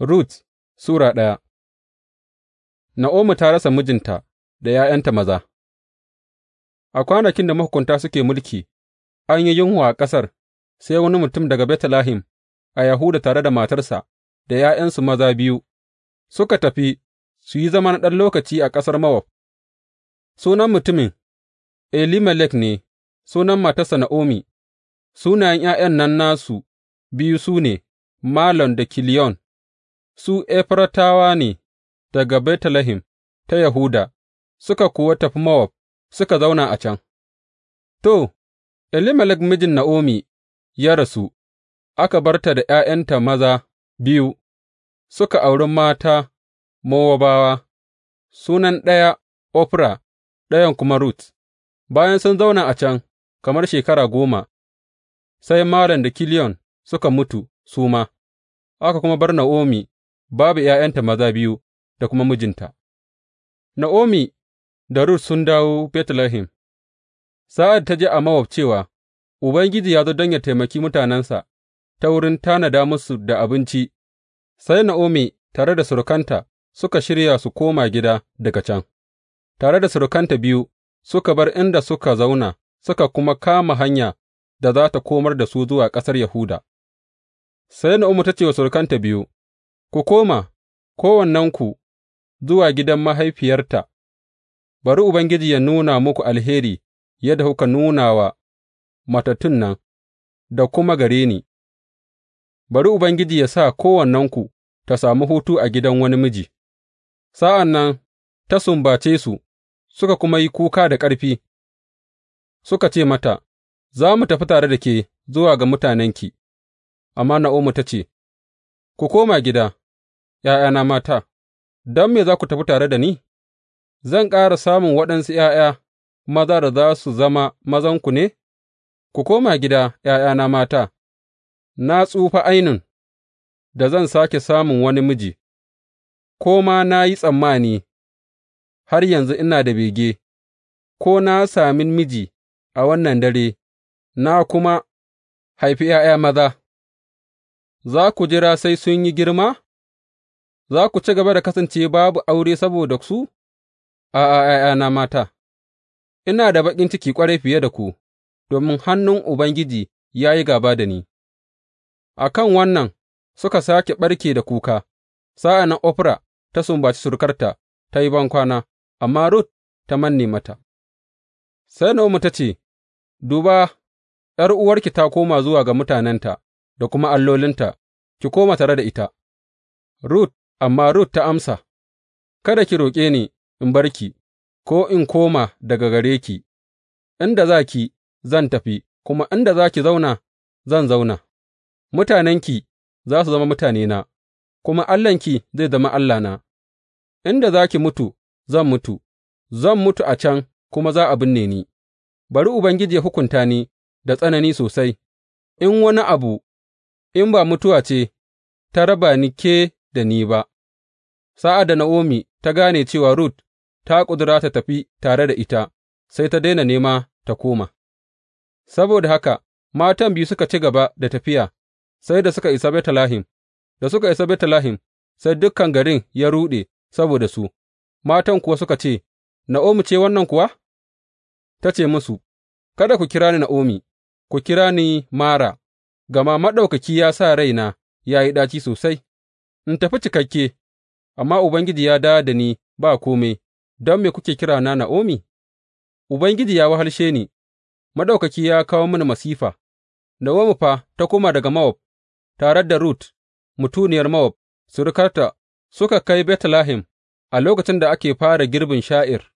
Rut Sura ɗaya Na'omi ta rasa mijinta da ’ya'yanta maza A kwanakin da mahukunta suke mulki, an yi yunwa a ƙasar, sai wani mutum daga Betlehem a Yahuda tare da matarsa da ’ya'yansu maza biyu suka tafi su yi zama na ɗan lokaci a ƙasar Mawab. Sunan mutumin Elimelek ne, sunan matarsa Na'omi, sunayen ’ya'yan nan nasu biyu su ne, Malon da Kiliyon. su Efratawa ne daga Betlehem ta Yahuda, suka kuwa tafi Mowab suka zauna a can. To, Elimelek mijin Na'omi ya rasu, aka bar ta da ’ya'yanta maza biyu, suka auri mata Mowabawa, sunan ɗaya Ofra, ɗayan kuma Ruth. Bayan sun zauna a can kamar shekara goma, sai Malon da Kiliyon suka mutu su ma, aka kuma bar Na'omi. babu ’ya'yanta maza biyu da kuma mijinta, Na'omi da Rut sun dawo Betlehem sa'ad ta ji a Mowab cewa Ubangiji ya zo don yă taimaki mutanensa ta wurin tanada musu da abinci, sai Na'omi tare da surukanta suka shirya su koma gida daga can, tare da surukanta biyu suka bar inda suka zauna suka kuma kama hanya da za ta komar da su zuwa ƙasar Yahuda. Sai Na'omi ta ce wa surukanta biyu, Ku koma, kowannenku, zuwa gidan mahaifiyarta, bari Ubangiji yă nuna muku alheri yadda kuka nuna wa matattun nan da kuma gare ni, bari Ubangiji yă sa kowannenku ta sami hutu a gidan wani miji, sa'an nan ta sumbace su, suka kuma yi kuka da ƙarfi, suka ce mata, Za mu tafi tare da ke zuwa ga mutanenki, amma Na’omu ta ce. Ku koma gida, ’ya'yana mata, don me za ku tafi tare da ni, zan ƙara samun waɗansu ’ya'ya maza da za su zama mazanku ne? Ku koma gida, ’ya'yana mata, na tsufa ainun da zan sake samun wani miji, ko ma na yi tsammani, har yanzu ina da bege, ko na sami miji a wannan dare, na kuma haifi ’ya'ya maza. za ku jira sai sun yi girma? Za ku ci gaba da kasance babu aure saboda su? A'a, ’ya'yana mata, ina da baƙin ciki ƙwarai fiye da ku, domin hannun Ubangiji ya yi gaba da ni. A kan wannan suka sake ɓarke da kuka, sa'an nan Ofra ta sumbaci surukarta ta yi bankwana, amma Rut ta manne mata. Sai Na'omi ta ce, Duba, ’yar'uwarki ta koma zuwa ga mutanenta, da kuma allolinta, ki koma tare da ita. Rut, amma Rut ta amsa, Kada ki roƙe ni in bar ki, ko in koma daga gare ki, inda za ki zan tafi, kuma inda za ki zauna zan zauna, mutanenki za su zama mutanena, kuma Allahnki zai zama Allahna, inda za ki mutu zan mutu, zan mutu a can kuma za a binne ni, bari Ubangiji ya hukunta ni da tsanani sosai, in wani abu in ba mutuwa ce ta raba ni ke da ni ba, sa'ad da Na'omi ta gane cewa Rut ta ƙudura ta tafi tare da ita, sai ta daina nema ta koma. Saboda haka, matan biyu suka ci gaba da tafiya, sai da suka isa Betlehem, da suka isa Betlehem, sai dukkan garin ya ruɗe saboda su, matan kuwa suka ce, Na'omi ce wannan kuwa? Ta ce musu, Kada ku kira ni Na'omi, ku kira ni Mara, Gama Maɗaukaki ya sa raina ya yi ɗaci sosai, in tafi cikakke, amma Ubangiji ya dawo da ni ba kome, don me kuke kira na Na'omi? Ubangiji ya wahalshe ni, Maɗaukaki ya kawo mini masifa, Na'omi fa ta koma daga Mowab, tare da Rut, mutuniyar Mowab, surukarta, suka kai Betlehem a lokacin da ake fara girbin sha'ir.